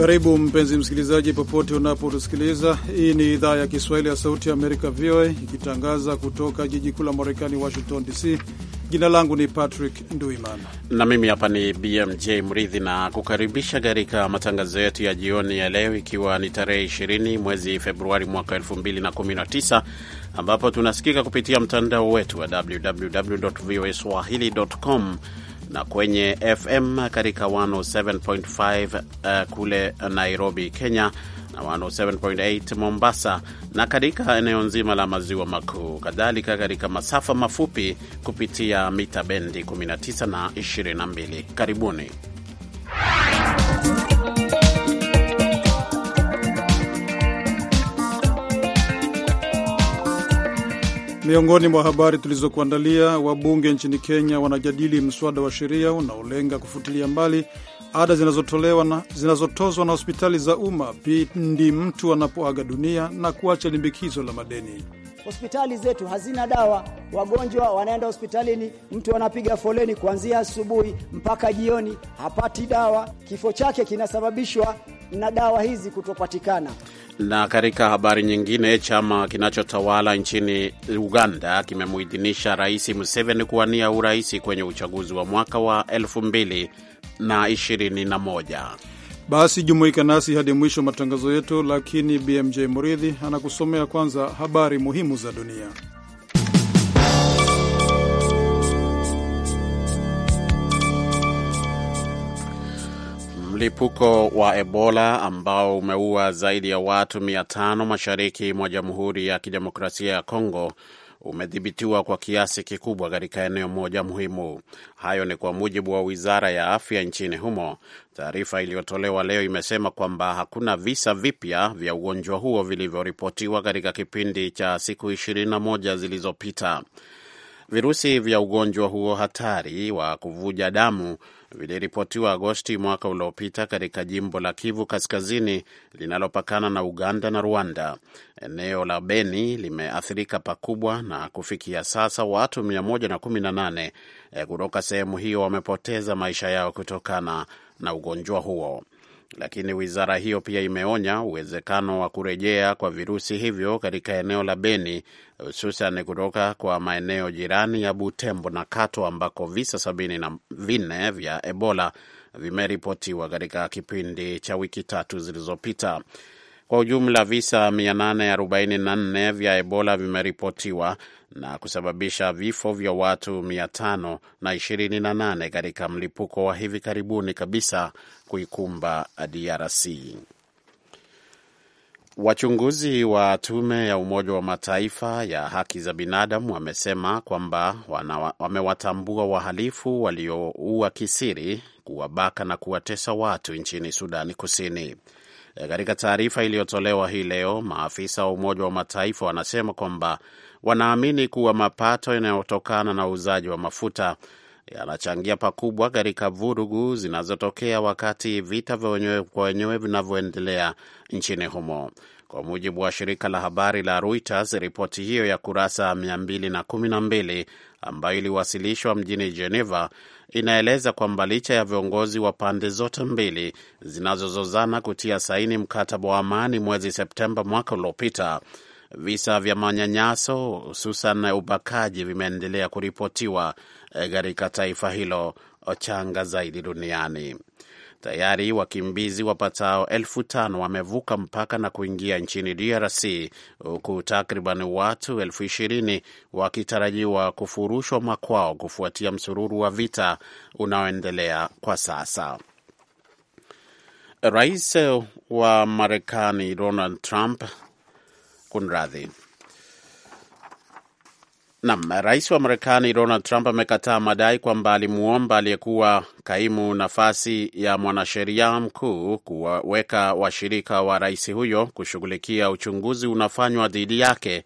Karibu mpenzi msikilizaji, popote unapotusikiliza. Hii ni idhaa ya Kiswahili ya Sauti ya Amerika, VOA, ikitangaza kutoka jiji kuu la Marekani, Washington DC. Jina langu ni Patrick Nduimana na mimi hapa ni BMJ Mridhi na kukaribisha katika matangazo yetu ya jioni ya leo, ikiwa ni tarehe 20 mwezi Februari mwaka 2019 ambapo tunasikika kupitia mtandao wetu wa www voa swahili.com na kwenye FM katika 107.5 uh, eh, kule Nairobi, Kenya na 107.8 Mombasa na katika eneo nzima la maziwa makuu, kadhalika katika masafa mafupi kupitia mita bendi 19 na 22. Karibuni. Miongoni mwa habari tulizokuandalia, wabunge nchini Kenya wanajadili mswada wa sheria unaolenga kufutilia mbali ada zinazotolewa na zinazotozwa na hospitali za umma pindi mtu anapoaga dunia na kuacha limbikizo la madeni. Hospitali zetu hazina dawa, wagonjwa wanaenda hospitalini, mtu anapiga foleni kuanzia asubuhi mpaka jioni, hapati dawa. Kifo chake kinasababishwa na dawa hizi kutopatikana. Na katika habari nyingine, chama kinachotawala nchini Uganda kimemuidhinisha Rais Museveni kuwania urahisi kwenye uchaguzi wa mwaka wa elfu mbili na ishirini na moja. Basi jumuika nasi hadi mwisho matangazo yetu, lakini BMJ Muridhi anakusomea kwanza habari muhimu za dunia. Mlipuko wa Ebola ambao umeua zaidi ya watu 500 mashariki mwa Jamhuri ya Kidemokrasia ya Kongo umedhibitiwa kwa kiasi kikubwa katika eneo moja muhimu. Hayo ni kwa mujibu wa wizara ya afya nchini humo. Taarifa iliyotolewa leo imesema kwamba hakuna visa vipya vya ugonjwa huo vilivyoripotiwa katika kipindi cha siku 21 zilizopita. Virusi vya ugonjwa huo hatari wa kuvuja damu viliripotiwa Agosti mwaka uliopita katika jimbo la Kivu Kaskazini linalopakana na Uganda na Rwanda. Eneo la Beni limeathirika pakubwa na kufikia sasa watu 118 eh, kutoka sehemu hiyo wamepoteza maisha yao kutokana na ugonjwa huo lakini wizara hiyo pia imeonya uwezekano wa kurejea kwa virusi hivyo katika eneo la Beni, hususan kutoka kwa maeneo jirani ya Butembo na Kato ambako visa sabini na vinne vya Ebola vimeripotiwa katika kipindi cha wiki tatu zilizopita. Kwa ujumla visa 844 vya Ebola vimeripotiwa na kusababisha vifo vya watu 528 katika mlipuko wa hivi karibuni kabisa kuikumba DRC. Wachunguzi wa tume ya Umoja wa Mataifa ya haki za binadamu wamesema kwamba wamewatambua wahalifu walioua kisiri, kuwabaka na kuwatesa watu nchini Sudani Kusini. Eh, katika taarifa iliyotolewa hii leo, maafisa wa Umoja wa Mataifa wanasema kwamba wanaamini kuwa mapato yanayotokana na uuzaji wa mafuta yanachangia pakubwa katika vurugu zinazotokea wakati vita vya wenyewe kwa wenyewe vinavyoendelea nchini humo. Kwa mujibu wa shirika la habari la Reuters, ripoti hiyo ya kurasa 212 ambayo iliwasilishwa mjini Geneva inaeleza kwamba licha ya viongozi wa pande zote mbili zinazozozana kutia saini mkataba wa amani mwezi Septemba mwaka uliopita, visa vya manyanyaso hususan ubakaji vimeendelea kuripotiwa eh, katika taifa hilo changa zaidi duniani. Tayari wakimbizi wapatao elfu tano wamevuka mpaka na kuingia nchini DRC huku takriban watu elfu ishirini wakitarajiwa kufurushwa makwao kufuatia msururu wa vita unaoendelea kwa sasa. Rais wa Marekani Donald Trump kunradhi Nam, rais wa Marekani Donald Trump amekataa madai kwamba alimuomba aliyekuwa kaimu nafasi ya mwanasheria mkuu kuwaweka washirika wa rais huyo kushughulikia uchunguzi unafanywa dhidi yake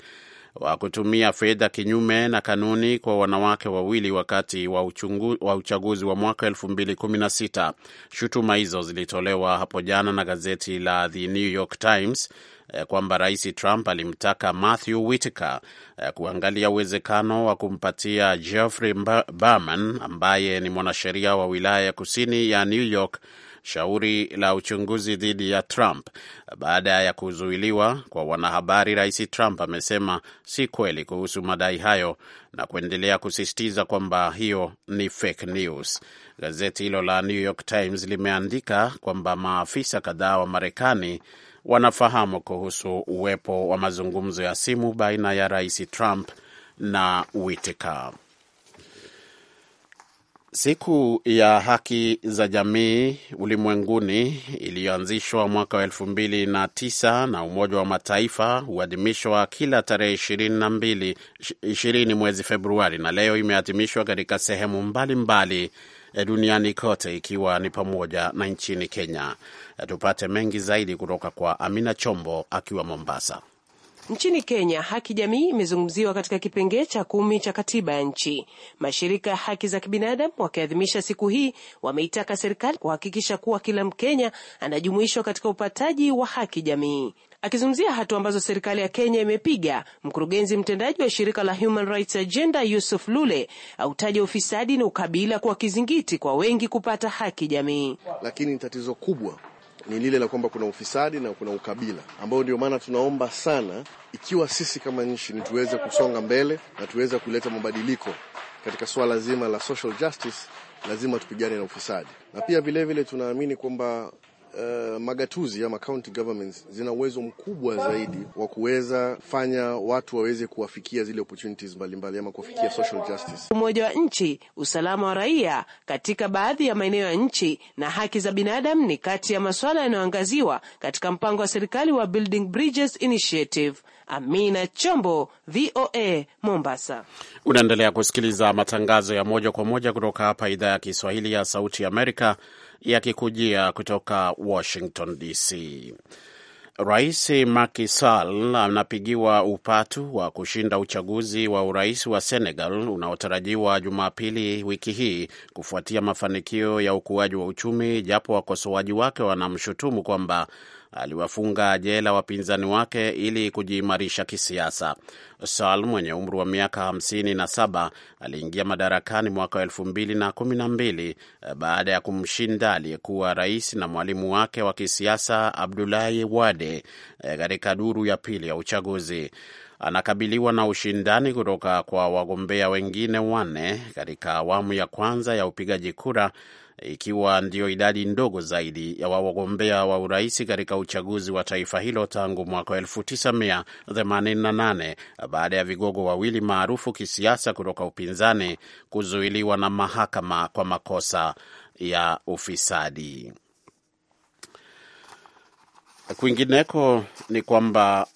wa kutumia fedha kinyume na kanuni kwa wanawake wawili wakati wa, uchungu, wa uchaguzi wa mwaka 2016. Shutuma hizo zilitolewa hapo jana na gazeti la The New York Times Eh, kwamba Rais Trump alimtaka Matthew Whitaker eh, kuangalia uwezekano wa kumpatia Jeffrey Berman ambaye ni mwanasheria wa wilaya ya kusini ya New York shauri la uchunguzi dhidi ya Trump baada ya kuzuiliwa kwa wanahabari. Rais Trump amesema si kweli kuhusu madai hayo na kuendelea kusisitiza kwamba hiyo ni fake news. Gazeti hilo la New York Times limeandika kwamba maafisa kadhaa wa Marekani wanafahamu kuhusu uwepo wa mazungumzo ya simu baina ya Rais Trump na Whitaker. Siku ya haki za jamii ulimwenguni iliyoanzishwa mwaka wa elfu mbili na tisa na Umoja wa Mataifa huadhimishwa kila tarehe ishirini na mbili ishirini mwezi Februari, na leo imeadhimishwa katika sehemu mbalimbali mbali Eh, duniani kote ikiwa ni pamoja na nchini Kenya. Eh, tupate mengi zaidi kutoka kwa Amina Chombo akiwa Mombasa. Nchini Kenya, haki jamii imezungumziwa katika kipengee cha kumi cha katiba ya nchi. Mashirika ya haki za kibinadamu wakiadhimisha siku hii, wameitaka serikali kuhakikisha kuwa kila Mkenya anajumuishwa katika upataji wa haki jamii. Akizungumzia hatua ambazo serikali ya Kenya imepiga, mkurugenzi mtendaji wa shirika la Human Rights Agenda Yusuf Lule autaja ufisadi na ukabila kuwa kizingiti kwa wengi kupata haki jamii. Lakini tatizo kubwa ni lile la kwamba kuna ufisadi na kuna ukabila, ambao ndio maana tunaomba sana, ikiwa sisi kama nchi ni tuweze kusonga mbele na tuweze kuleta mabadiliko katika suala zima la social justice, lazima tupigane na ufisadi, na pia vilevile tunaamini kwamba Eh, magatuzi ama county governments zina uwezo mkubwa zaidi wa kuweza fanya watu waweze kuwafikia zile opportunities mbalimbali ama kuwafikia social justice. Umoja wa nchi, usalama wa raia katika baadhi ya maeneo ya nchi na haki za binadamu ni kati ya masuala yanayoangaziwa katika mpango wa serikali wa Building Bridges Initiative. Amina Chombo, VOA, Mombasa. Unaendelea kusikiliza matangazo ya moja kwa moja kutoka hapa idhaa ya Kiswahili ya Sauti ya Amerika yakikujia kutoka Washington DC. Rais Macky Sall anapigiwa upatu wa kushinda uchaguzi wa urais wa Senegal unaotarajiwa Jumapili wiki hii kufuatia mafanikio ya ukuaji wa uchumi, japo wakosoaji wake wanamshutumu kwamba aliwafunga jela wapinzani wake ili kujiimarisha kisiasa. Sal mwenye umri wa miaka 57 aliingia madarakani mwaka wa 2012 eh, baada ya kumshinda aliyekuwa rais na mwalimu wake wa kisiasa Abdulahi Wade eh, katika duru ya pili ya uchaguzi. Anakabiliwa na ushindani kutoka kwa wagombea wengine wanne katika awamu ya kwanza ya upigaji kura ikiwa ndiyo idadi ndogo zaidi ya wagombea wa urais katika uchaguzi wa taifa hilo tangu mwaka 1988 baada ya vigogo wawili maarufu kisiasa kutoka upinzani kuzuiliwa na mahakama kwa makosa ya ufisadi. Kwingineko ni kwamba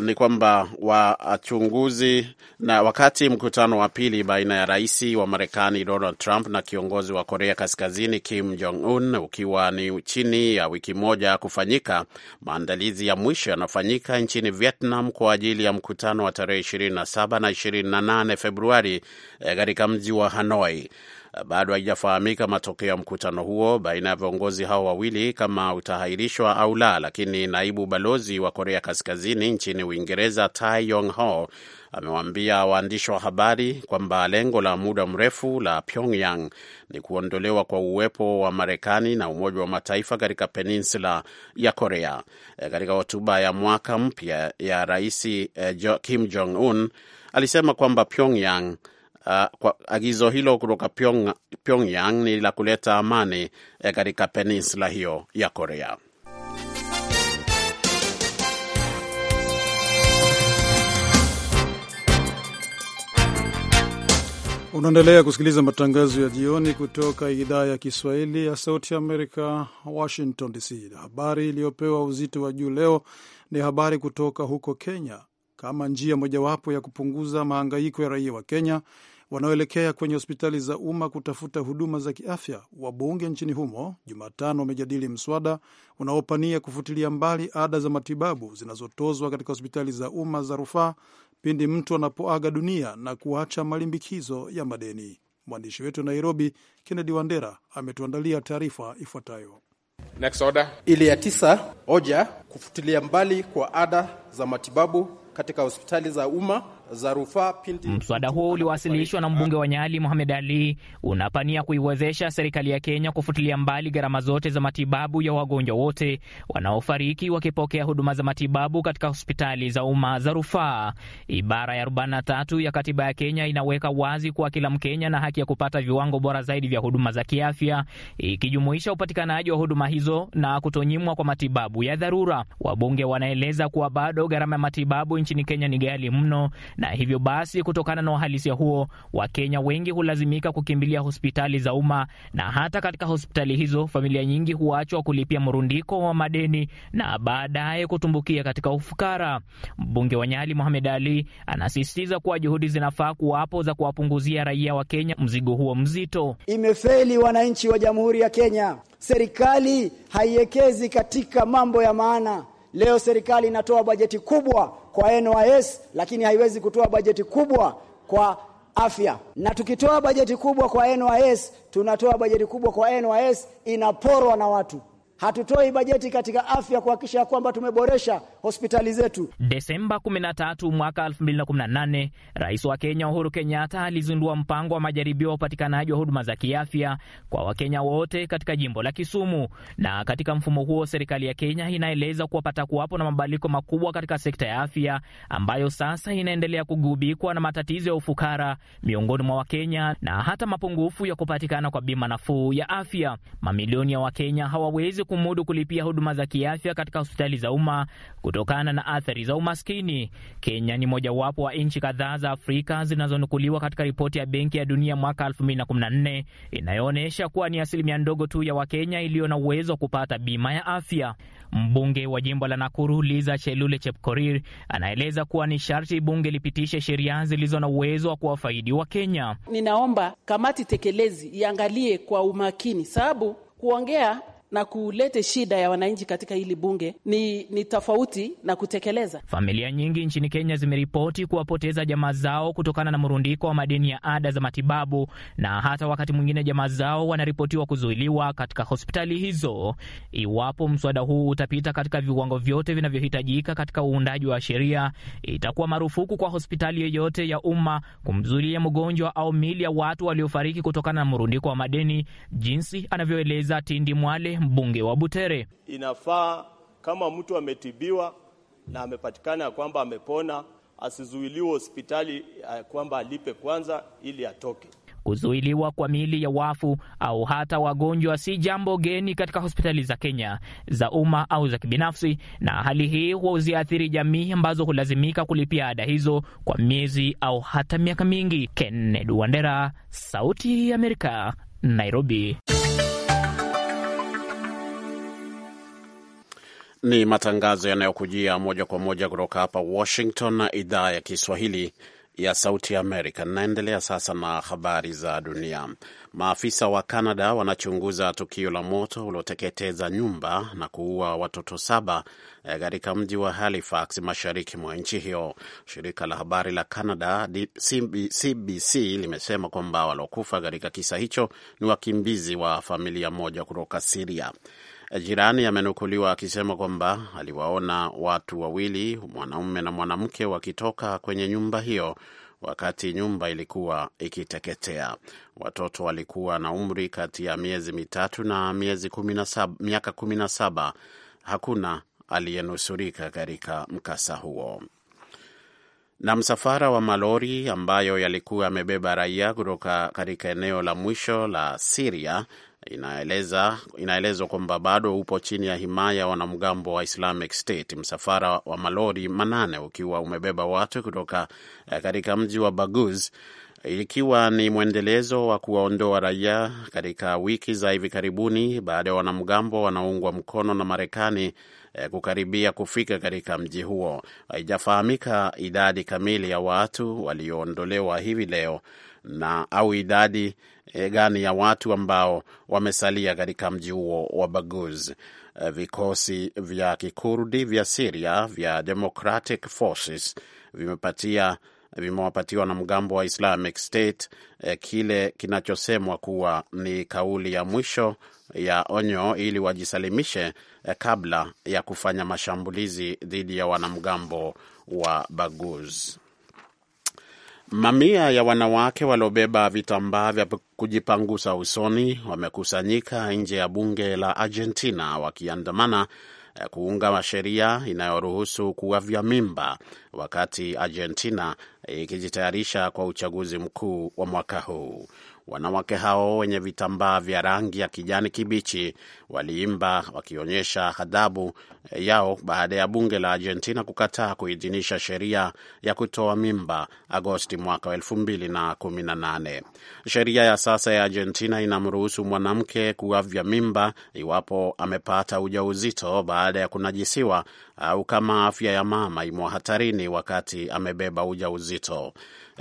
ni kwamba wachunguzi na wakati mkutano wa pili baina ya rais wa Marekani Donald Trump na kiongozi wa Korea Kaskazini Kim Jong Un ukiwa ni chini ya wiki moja kufanyika, maandalizi ya mwisho yanafanyika nchini Vietnam kwa ajili ya mkutano wa tarehe 27 na 28 Februari eh, katika mji wa Hanoi. Bado haijafahamika matokeo ya mkutano huo baina ya viongozi hao wawili kama utahairishwa au la, lakini naibu balozi wa Korea Kaskazini nchini Uingereza Tai Yong Ho amewaambia waandishi wa habari kwamba lengo la muda mrefu la Pyongyang ni kuondolewa kwa uwepo wa Marekani na Umoja wa Mataifa katika peninsula ya Korea. E, katika hotuba ya mwaka mpya ya Rais e, Kim Jong Un alisema kwamba Pyongyang uh, kwa agizo hilo kutoka Pyong, Pyongyang ni la kuleta amani eh, katika peninsula hiyo ya Korea. Unaendelea kusikiliza matangazo ya jioni kutoka idhaa ya Kiswahili ya Sauti ya Amerika, Washington DC. Habari iliyopewa uzito wa juu leo ni habari kutoka huko Kenya kama njia mojawapo ya kupunguza mahangaiko ya raia wa Kenya wanaoelekea kwenye hospitali za umma kutafuta huduma za kiafya. Wabunge nchini humo Jumatano wamejadili mswada unaopania kufutilia mbali ada za matibabu zinazotozwa katika hospitali za umma za rufaa pindi mtu anapoaga dunia na kuacha malimbikizo ya madeni. Mwandishi wetu Nairobi, Kennedy Wandera, ametuandalia taarifa ifuatayo. Next order. Ili ya tisa, hoja kufutilia mbali kwa ada za matibabu katika hospitali za umma za rufaa pindi. Mswada huo uliowasilishwa na mbunge wa Nyali muhamed Ali unapania kuiwezesha serikali ya Kenya kufutilia mbali gharama zote za matibabu ya wagonjwa wote wanaofariki wakipokea huduma za matibabu katika hospitali za umma za rufaa. Ibara ya 43 ya katiba ya Kenya inaweka wazi kuwa kila Mkenya na haki ya kupata viwango bora zaidi vya huduma za kiafya, ikijumuisha upatikanaji wa huduma hizo na kutonyimwa kwa matibabu ya dharura. Wabunge wanaeleza kuwa bado gharama ya matibabu nchini Kenya ni ghali mno na hivyo basi, kutokana na uhalisia huo, Wakenya wengi hulazimika kukimbilia hospitali za umma, na hata katika hospitali hizo familia nyingi huachwa kulipia mrundiko wa madeni na baadaye kutumbukia katika ufukara. Mbunge wa Nyali Mohamed Ali anasisitiza kuwa juhudi zinafaa kuwapo za kuwapunguzia raia wa Kenya mzigo huo mzito. Imefeli wananchi wa Jamhuri ya Kenya. Serikali haiwekezi katika mambo ya maana. Leo serikali inatoa bajeti kubwa kwa NYS lakini haiwezi kutoa bajeti kubwa kwa afya. Na tukitoa bajeti kubwa kwa NYS, tunatoa bajeti kubwa kwa NYS inaporwa na watu hatutoi bajeti katika afya kuhakikisha kwamba tumeboresha hospitali zetu. Desemba 13 mwaka 2018, Rais wa Kenya Uhuru Kenyatta alizindua mpango wa majaribio wa upatikanaji wa huduma za kiafya kwa Wakenya wote katika jimbo la Kisumu. Na katika mfumo huo, serikali ya Kenya inaeleza kuwa patakuwapo na mabadiliko makubwa katika sekta ya afya ambayo sasa inaendelea kugubikwa na matatizo ya ufukara miongoni mwa Wakenya na hata mapungufu ya kupatikana kwa bima nafuu ya afya. Mamilioni ya Wakenya hawawezi kumudu kulipia huduma za kiafya katika hospitali za umma kutokana na athari za umaskini. Kenya ni mojawapo wa nchi kadhaa za Afrika zinazonukuliwa katika ripoti ya Benki ya Dunia mwaka 2014 inayoonyesha kuwa ni asilimia ndogo tu ya Wakenya iliyo na uwezo wa kupata bima ya afya. Mbunge wa jimbo la Nakuru Liza Chelule Chepkorir anaeleza kuwa ni sharti bunge lipitishe sheria zilizo na uwezo wa kuwafaidi wa kenya Ninaomba kamati tekelezi iangalie kwa umakini, sababu kuongea na kulete shida ya wananchi katika hili bunge ni, ni tofauti na kutekeleza. Familia nyingi nchini Kenya zimeripoti kuwapoteza jamaa zao kutokana na mrundiko wa madeni ya ada za matibabu, na hata wakati mwingine jamaa zao wanaripotiwa kuzuiliwa katika hospitali hizo. Iwapo mswada huu utapita katika viwango vyote vinavyohitajika katika uundaji wa sheria, itakuwa marufuku kwa hospitali yoyote ya umma kumzuilia mgonjwa au mili ya watu waliofariki kutokana na mrundiko wa madeni, jinsi anavyoeleza Tindi Mwale mbunge wa Butere. Inafaa kama mtu ametibiwa na amepatikana ya kwamba amepona, asizuiliwe hospitali kwamba alipe kwanza ili atoke. Kuzuiliwa kwa miili ya wafu au hata wagonjwa si jambo geni katika hospitali za Kenya za umma au za kibinafsi, na hali hii huziathiri jamii ambazo hulazimika kulipia ada hizo kwa miezi au hata miaka mingi. Kennedy Wandera, Sauti ya Amerika, Nairobi. Ni matangazo yanayokujia moja kwa moja kutoka hapa Washington na idhaa ya Kiswahili ya Sauti Amerika. Naendelea sasa na habari za dunia. Maafisa wa canada wanachunguza tukio la moto ulioteketeza nyumba na kuua watoto saba eh, katika mji wa Halifax, mashariki mwa nchi hiyo. Shirika la habari la Canada CBC limesema kwamba waliokufa katika kisa hicho ni wakimbizi wa familia moja kutoka Siria. Jirani amenukuliwa akisema kwamba aliwaona watu wawili, mwanaume na mwanamke, wakitoka kwenye nyumba hiyo wakati nyumba ilikuwa ikiteketea. Watoto walikuwa na umri kati ya miezi mitatu na miezi kumi na saba, miaka kumi na saba. Hakuna aliyenusurika katika mkasa huo. Na msafara wa malori ambayo yalikuwa yamebeba raia kutoka katika eneo la mwisho la Siria inaeleza inaelezwa kwamba bado upo chini ya himaya wanamgambo wa Islamic State, msafara wa malori manane ukiwa umebeba watu kutoka eh, katika mji wa Baguz ikiwa ni mwendelezo wa kuwaondoa raia katika wiki za hivi karibuni baada ya wanamgambo wanaoungwa mkono na Marekani Eh, kukaribia kufika katika mji huo. Haijafahamika idadi kamili ya watu walioondolewa hivi leo na au idadi eh, gani ya watu ambao wamesalia katika mji huo wa Baguz. Eh, vikosi vya kikurdi vya Siria vya Democratic Forces vimepatia vimewapatiwa na mgambo wa Islamic State eh, kile kinachosemwa kuwa ni kauli ya mwisho ya onyo ili wajisalimishe eh, kabla ya kufanya mashambulizi dhidi ya wanamgambo wa Baguz. Mamia ya wanawake waliobeba vitambaa vya kujipangusa usoni wamekusanyika nje ya bunge la Argentina wakiandamana Eh, kuunga sheria inayoruhusu kuavya mimba, wakati Argentina ikijitayarisha kwa uchaguzi mkuu wa mwaka huu. Wanawake hao wenye vitambaa vya rangi ya kijani kibichi waliimba wakionyesha adhabu yao baada ya bunge la Argentina kukataa kuidhinisha sheria ya kutoa mimba Agosti mwaka 2018. Sheria ya sasa ya Argentina inamruhusu mwanamke kuavya mimba iwapo amepata ujauzito baada ya kunajisiwa au kama afya ya mama imo hatarini wakati amebeba ujauzito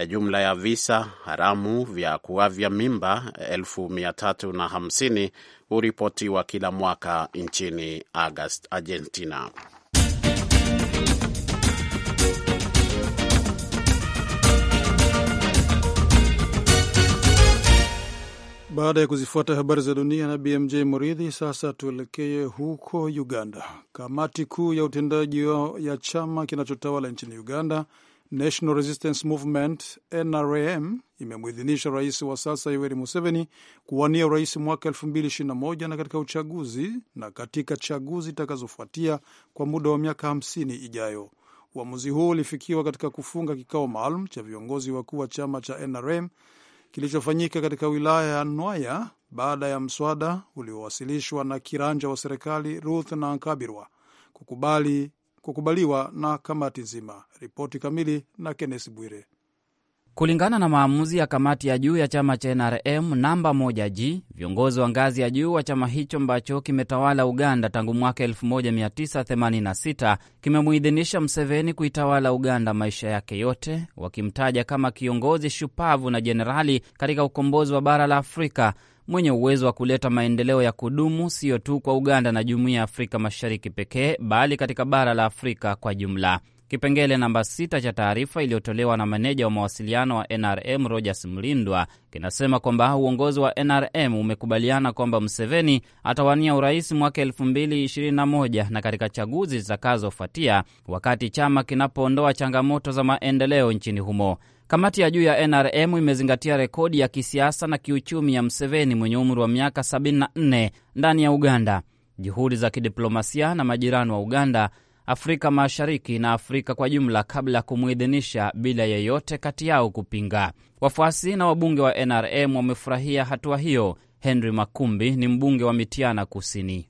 jumla ya visa haramu vya kuavya mimba 350 huripotiwa kila mwaka nchini August, Argentina. Baada ya kuzifuata habari za dunia na BMJ Muridhi, sasa tuelekee huko Uganda. Kamati kuu ya utendaji ya chama kinachotawala nchini Uganda National Resistance Movement NRM imemwidhinisha rais wa sasa Yoweri Museveni kuwania urais mwaka 2021 na katika uchaguzi na katika chaguzi itakazofuatia kwa muda wa miaka 50 ijayo. Uamuzi huo ulifikiwa katika kufunga kikao maalum cha viongozi wakuu wa chama cha NRM kilichofanyika katika wilaya ya Nwaya baada ya mswada uliowasilishwa na kiranja wa serikali Ruth Nankabirwa kukubali kukubaliwa na kamati nzima. Ripoti kamili na Kennes Bwire. Kulingana na maamuzi ya kamati ya juu ya chama cha NRM namba 1G, viongozi wa ngazi ya juu wa chama hicho ambacho kimetawala Uganda tangu mwaka 1986 kimemuidhinisha Mseveni kuitawala Uganda maisha yake yote, wakimtaja kama kiongozi shupavu na jenerali katika ukombozi wa bara la Afrika mwenye uwezo wa kuleta maendeleo ya kudumu siyo tu kwa Uganda na jumuiya ya Afrika Mashariki pekee, bali katika bara la Afrika kwa jumla. Kipengele namba sita cha taarifa iliyotolewa na maneja wa mawasiliano wa NRM Rogers Mlindwa kinasema kwamba uongozi wa NRM umekubaliana kwamba mseveni atawania urais mwaka 2021 na katika chaguzi zitakazofuatia, wakati chama kinapoondoa changamoto za maendeleo nchini humo. Kamati ya juu ya NRM imezingatia rekodi ya kisiasa na kiuchumi ya Mseveni mwenye umri wa miaka 74 ndani ya Uganda, juhudi za kidiplomasia na majirani wa Uganda, Afrika Mashariki na Afrika kwa jumla, kabla ya kumwidhinisha bila yeyote kati yao kupinga. Wafuasi na wabunge wa NRM wamefurahia hatua hiyo Henry Makumbi ni mbunge wa Mitiana Kusini.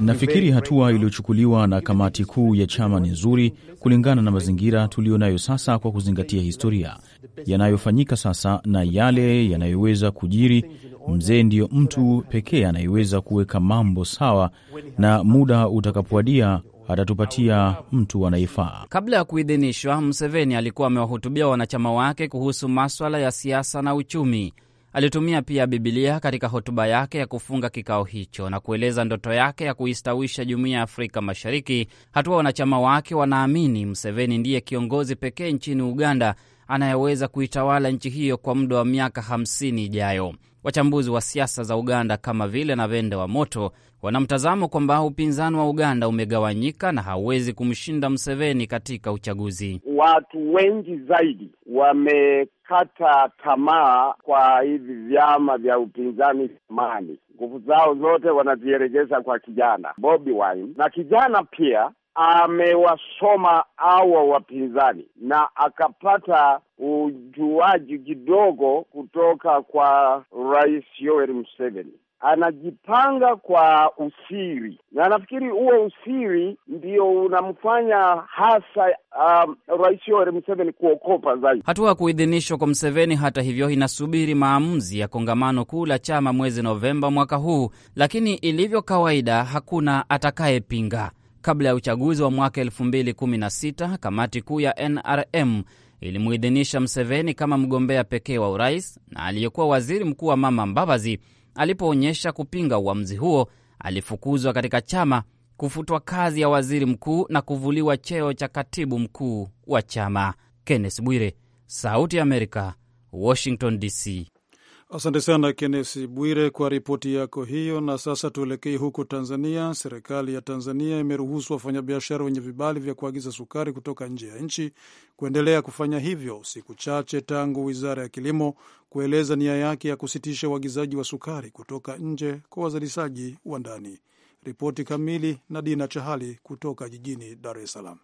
Nafikiri hatua iliyochukuliwa na kamati kuu ya chama ni nzuri kulingana na mazingira tuliyo nayo sasa, kwa kuzingatia historia yanayofanyika sasa na yale yanayoweza kujiri. Mzee ndiyo mtu pekee anayeweza kuweka mambo sawa, na muda utakapowadia atatupatia mtu anayefaa. Kabla ya kuidhinishwa, mseveni alikuwa amewahutubia wanachama wake kuhusu maswala ya siasa na uchumi. Alitumia pia Bibilia katika hotuba yake ya kufunga kikao hicho na kueleza ndoto yake ya kuistawisha jumuiya ya Afrika Mashariki, hatua wanachama wake wanaamini mseveni ndiye kiongozi pekee nchini Uganda anayeweza kuitawala nchi hiyo kwa muda wa miaka 50 ijayo. Wachambuzi wa siasa za Uganda kama vile na vende wa Moto wanamtazamo kwamba upinzani wa Uganda umegawanyika na hauwezi kumshinda mseveni katika uchaguzi. Watu wengi zaidi wamekata tamaa kwa hivi vyama vya upinzani zamani, nguvu zao zote wanazielekeza kwa kijana Bobi Wine, na kijana pia amewasoma hawa wapinzani na akapata ujuaji kidogo kutoka kwa Rais Yoweri Museveni anajipanga kwa usiri na nafikiri huo usiri ndio unamfanya hasa um, Rais Yoweri Museveni kuokopa zaidi. Hatua ya kuidhinishwa kwa Museveni, hata hivyo, inasubiri maamuzi ya kongamano kuu la chama mwezi Novemba mwaka huu, lakini ilivyo kawaida, hakuna atakayepinga kabla ya uchaguzi wa mwaka 2016 kamati kuu ya NRM ilimuidhinisha Mseveni kama mgombea pekee wa urais, na aliyekuwa waziri mkuu wa Mama Mbabazi alipoonyesha kupinga uamuzi huo, alifukuzwa katika chama, kufutwa kazi ya waziri mkuu na kuvuliwa cheo cha katibu mkuu wa chama. Kenneth Bwire, Sauti ya Amerika, Washington DC. Asante sana kennesi Bwire kwa ripoti yako hiyo. Na sasa tuelekee huko Tanzania. Serikali ya Tanzania imeruhusu wafanyabiashara wenye vibali vya kuagiza sukari kutoka nje ya nchi kuendelea kufanya hivyo siku chache tangu wizara ya kilimo kueleza nia yake ya kusitisha uagizaji wa sukari kutoka nje kwa wazalishaji wa ndani. Ripoti kamili na Dina Chahali kutoka jijini Dar es Salaam.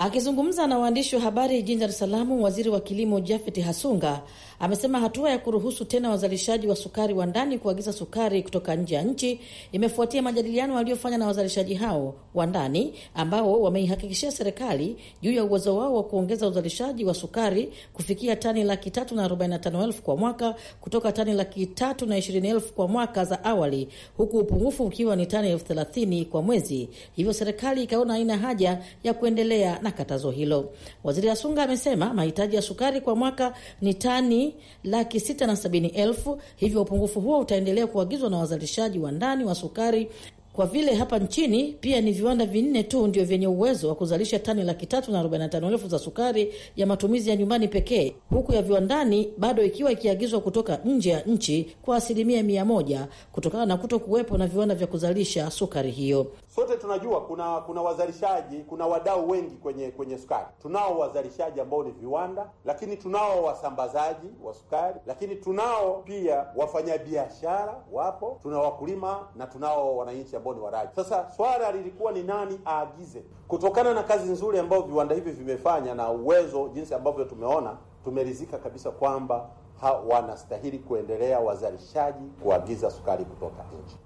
Akizungumza na waandishi wa habari jijini Dar es Salaam, waziri wa kilimo Jafet Hasunga amesema hatua ya kuruhusu tena wazalishaji wa sukari wa ndani kuagiza sukari kutoka nje ya nchi imefuatia majadiliano waliofanya na wazalishaji hao wa ndani ambao wameihakikishia serikali juu ya uwezo wao wa kuongeza uzalishaji wa sukari kufikia tani laki tatu na arobaini na tano elfu kwa mwaka kutoka tani laki tatu na ishirini elfu kwa mwaka za awali, huku upungufu ukiwa ni tani elfu thelathini kwa mwezi. Hivyo serikali ikaona haina haja ya kuendelea na katazo hilo. Waziri Asunga amesema mahitaji ya sukari kwa mwaka ni tani laki sita na sabini elfu, hivyo upungufu huo utaendelea kuagizwa na wazalishaji wa ndani wa sukari kwa vile hapa nchini pia ni viwanda vinne tu ndio vyenye uwezo wa kuzalisha tani laki tatu na arobaini na tano elfu za sukari ya matumizi ya nyumbani pekee, huku ya viwandani bado ikiwa ikiagizwa kutoka nje ya nchi kwa asilimia mia moja kutokana na kuto kuwepo na viwanda vya kuzalisha sukari hiyo. Sote tunajua kuna kuna wazalishaji, kuna wadau wengi kwenye kwenye sukari. Tunao wazalishaji ambao ni viwanda, lakini tunao wasambazaji wa sukari, lakini tunao pia wafanyabiashara wapo, tuna wakulima na tunao wananchi ambao ni waraji. Sasa swala lilikuwa ni nani aagize, kutokana na kazi nzuri ambayo viwanda hivi vimefanya na uwezo, jinsi ambavyo tumeona, tumeridhika kabisa kwamba ha, wanastahili kuendelea wazalishaji kuagiza sukari kutoka nje.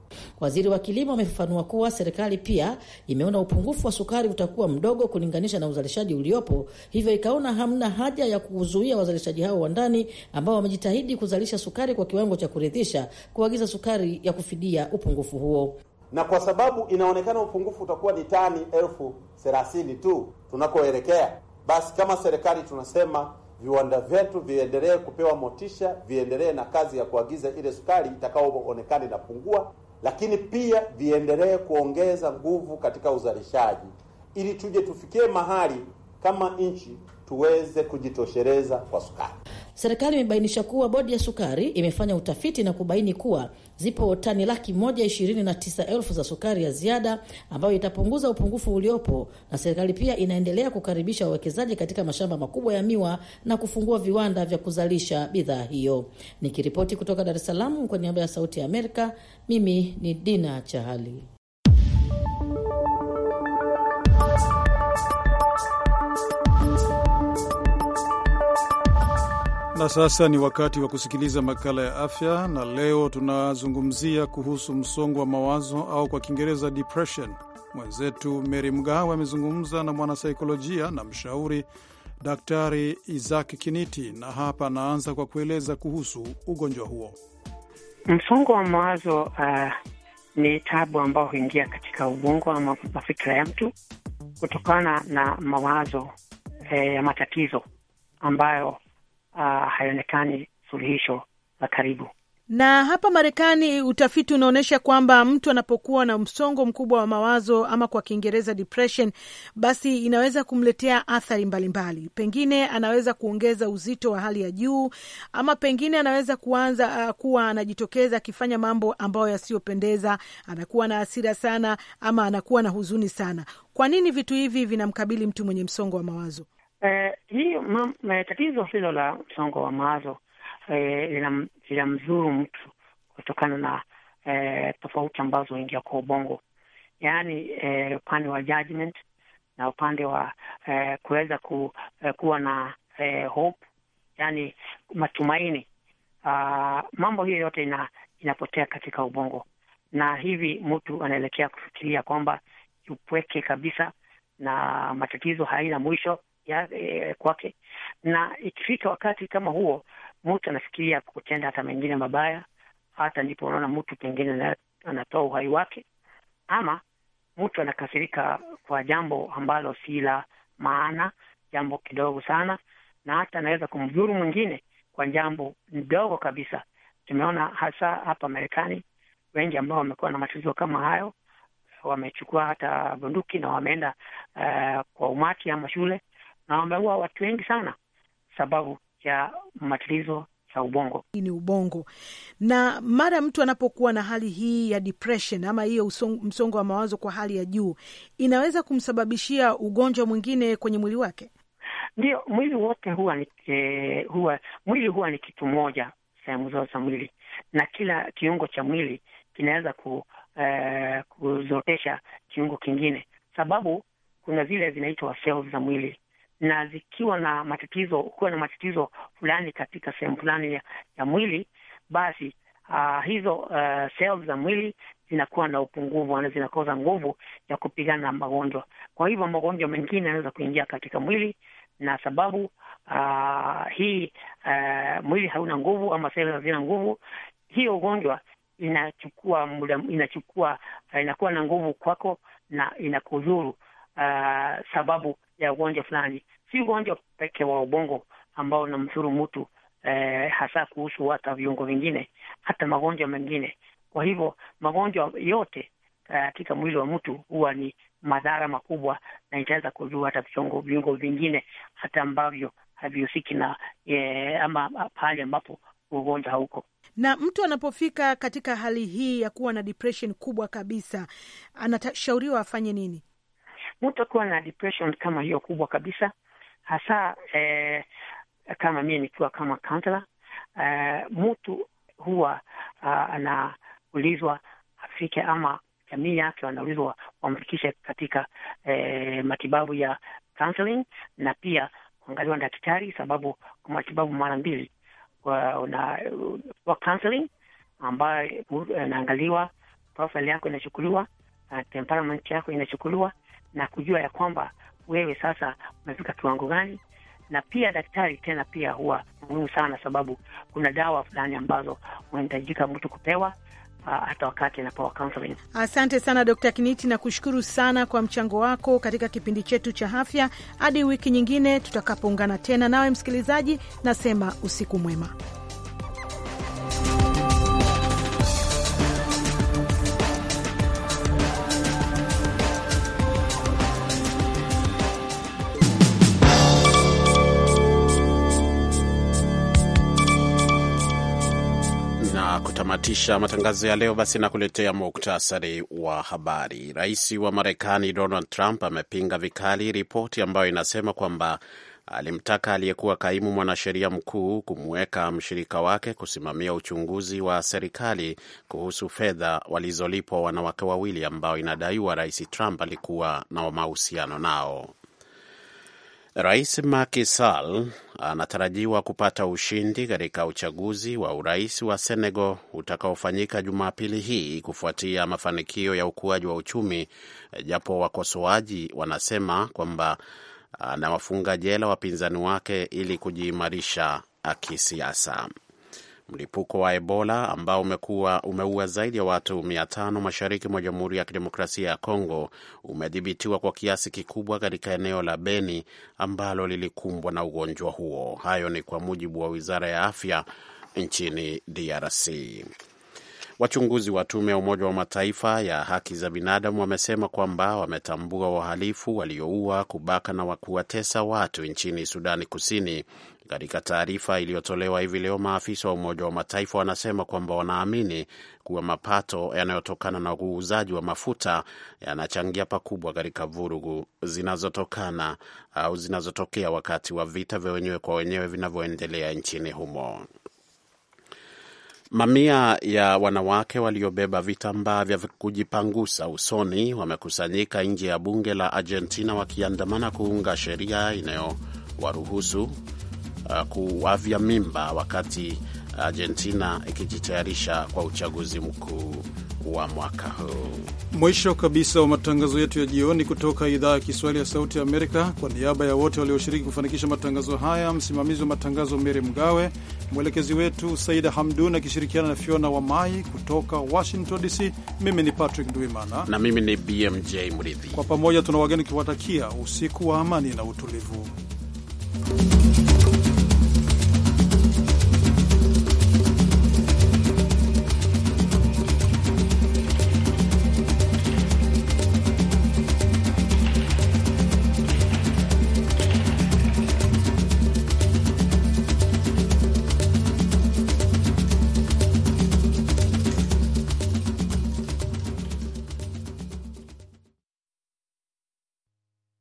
Waziri wa kilimo amefafanua kuwa serikali pia imeona upungufu wa sukari utakuwa mdogo kulinganisha na uzalishaji uliopo, hivyo ikaona hamna haja ya kuzuia wazalishaji hao wa ndani ambao wamejitahidi kuzalisha sukari kwa kiwango cha kuridhisha kuagiza sukari ya kufidia upungufu huo na kwa sababu inaonekana upungufu utakuwa ni tani elfu thelathini tu tunakoelekea, basi kama serikali tunasema viwanda vyetu viendelee kupewa motisha, viendelee na kazi ya kuagiza ile sukari itakaoonekana inapungua, lakini pia viendelee kuongeza nguvu katika uzalishaji, ili tuje tufikie mahali kama nchi tuweze kujitosheleza kwa sukari. Serikali imebainisha kuwa bodi ya sukari imefanya utafiti na kubaini kuwa zipo tani laki moja ishirini na tisa elfu za sukari ya ziada ambayo itapunguza upungufu uliopo, na serikali pia inaendelea kukaribisha wawekezaji katika mashamba makubwa ya miwa na kufungua viwanda vya kuzalisha bidhaa hiyo. Nikiripoti kutoka Dar es Salaam kwa niaba ya Sauti ya Amerika, mimi ni Dina Chahali. Na sasa ni wakati wa kusikiliza makala ya afya, na leo tunazungumzia kuhusu msongo wa mawazo au kwa Kiingereza depression. Mwenzetu mery Mgawe amezungumza na mwanasaikolojia na mshauri Daktari Isaac Kiniti, na hapa anaanza kwa kueleza kuhusu ugonjwa huo. Msongo wa mawazo uh, ni tabu ambao huingia katika ubongo wa mafikira ya mtu kutokana na mawazo eh, ya matatizo ambayo uh, haionekani suluhisho la karibu. Na hapa Marekani utafiti unaonyesha kwamba mtu anapokuwa na msongo mkubwa wa mawazo ama kwa Kiingereza depression, basi inaweza kumletea athari mbalimbali mbali. Pengine anaweza kuongeza uzito wa hali ya juu ama pengine anaweza kuanza uh, kuwa anajitokeza akifanya mambo ambayo yasiyopendeza, anakuwa na hasira sana ama anakuwa na huzuni sana. Kwa nini vitu hivi vinamkabili mtu mwenye msongo wa mawazo? Eh, hii eh, tatizo hilo la msongo wa mawazo eh, mzuru mtu kutokana na eh, tofauti ambazo huingia kwa ubongo, yaani eh, upande wa judgment na upande wa eh, kuweza ku, eh, kuwa na eh, hope, yaani matumaini. Uh, mambo hiyo yote ina, inapotea katika ubongo, na hivi mtu anaelekea kufikiria kwamba upweke kabisa na matatizo haina mwisho eh, kwake, na ikifika wakati kama huo mtu anafikiria kutenda hata mengine mabaya, hata ndipo unaona mtu pengine anatoa uhai wake, ama mtu anakasirika kwa jambo ambalo si la maana, jambo kidogo sana, na hata anaweza kumdhuru mwingine kwa jambo ndogo kabisa. Tumeona hasa hapa Marekani wengi ambao wamekuwa na matatizo kama hayo wamechukua hata bunduki na wameenda uh, kwa umati ama shule na wameua watu wengi sana sababu ya matatizo ya ubongo. Hii ni ubongo, na mara mtu anapokuwa na hali hii ya depression ama hiyo msongo wa mawazo kwa hali ya juu, inaweza kumsababishia ugonjwa mwingine kwenye mwili wake. Ndio, mwili wote huwa ni eh, huwa mwili huwa ni kitu moja sehemu zote za mwili, na kila kiungo cha mwili kinaweza ku, eh, kuzotesha kiungo kingine, sababu kuna zile zinaitwa cells za mwili na zikiwa na matatizo, ukiwa na matatizo fulani katika sehemu fulani ya, ya mwili, basi uh, hizo uh, za mwili zinakuwa na upungufu na zinakosa nguvu ya kupigana na magonjwa. Kwa hivyo magonjwa mengine yanaweza kuingia katika mwili, na sababu uh, hii uh, mwili hauna nguvu ama seli hazina nguvu, hiyo ugonjwa inachukua muda, inachukua inakuwa na nguvu kwako na inakudhuru. Uh, sababu ya ugonjwa fulani, si ugonjwa pekee wa ubongo ambao unamdhuru mtu eh, hasa kuhusu hata viungo vingine, hata magonjwa mengine. Kwa hivyo magonjwa yote eh, katika mwili wa mtu huwa ni madhara makubwa, na itaweza kujua hata viungo viungo vingine hata ambavyo havihusiki na e, ama pahali ambapo ugonjwa hauko. Na mtu anapofika katika hali hii ya kuwa na depression kubwa kabisa, anashauriwa afanye nini? hutakuwa na depression kama hiyo kubwa kabisa, hasa eh, kama mie nikiwa kama counselor eh, mtu huwa uh, anaulizwa afike ama jamii yake wanaulizwa wamfikishe katika eh, matibabu ya counseling na pia kuangaliwa na daktari, sababu kwa matibabu mara mbili wa counseling ambayo eh, inaangaliwa, profile yako inachukuliwa, temperament yako inachukuliwa na kujua ya kwamba wewe sasa umefika kiwango gani. Na pia daktari tena pia huwa muhimu sana, sababu kuna dawa fulani ambazo unahitajika mtu kupewa uh, hata wakati anapewa counseling. Asante sana Dr. Kiniti, na kushukuru sana kwa mchango wako katika kipindi chetu cha afya. Hadi wiki nyingine tutakapoungana tena nawe msikilizaji, nasema usiku mwema. kutamatisha matangazo ya leo basi, nakuletea muktasari wa habari. Rais wa Marekani Donald Trump amepinga vikali ripoti ambayo inasema kwamba alimtaka aliyekuwa kaimu mwanasheria mkuu kumweka mshirika wake kusimamia uchunguzi wa serikali kuhusu fedha walizolipwa wanawake wawili ambao inadaiwa rais Trump alikuwa na mahusiano nao. Rais Macky Sall anatarajiwa kupata ushindi katika uchaguzi wa urais wa Senegal utakaofanyika Jumapili hii kufuatia mafanikio ya ukuaji wa uchumi, japo wakosoaji wanasema kwamba anawafunga jela wapinzani wake ili kujiimarisha kisiasa mlipuko wa Ebola ambao umekuwa umeua zaidi ya watu mia tano mashariki mwa Jamhuri ya Kidemokrasia ya Kongo umedhibitiwa kwa kiasi kikubwa katika eneo la Beni ambalo lilikumbwa na ugonjwa huo. Hayo ni kwa mujibu wa Wizara ya Afya nchini DRC. Wachunguzi wa tume ya Umoja wa Mataifa ya haki za binadamu wamesema kwamba wametambua wahalifu walioua, kubaka na kuwatesa watu nchini Sudani Kusini. Katika taarifa iliyotolewa hivi leo, maafisa wa Umoja wa Mataifa wanasema kwamba wanaamini kuwa mapato yanayotokana na uuzaji wa mafuta yanachangia pakubwa katika vurugu zinazotokana au zinazotokea wakati wa vita vya wenyewe kwa wenyewe vinavyoendelea nchini humo. Mamia ya wanawake waliobeba vitambaa vya kujipangusa usoni wamekusanyika nje ya bunge la Argentina wakiandamana kuunga sheria inayowaruhusu uh, kuavya mimba wakati Argentina ikijitayarisha kwa uchaguzi mkuu wa mwaka huu. Mwisho kabisa wa matangazo yetu ya jioni kutoka idhaa ya Kiswahili ya Sauti ya Amerika. Kwa niaba ya wote walioshiriki kufanikisha matangazo haya, msimamizi wa matangazo Meri Mgawe, mwelekezi wetu Saida Hamdun akishirikiana na Fiona mai kutoka Washington DC. Mimi ni Patrick Ndwimana na mimi ni BMJ Mridhi, kwa pamoja tuna wageni kiwatakia usiku wa amani na utulivu.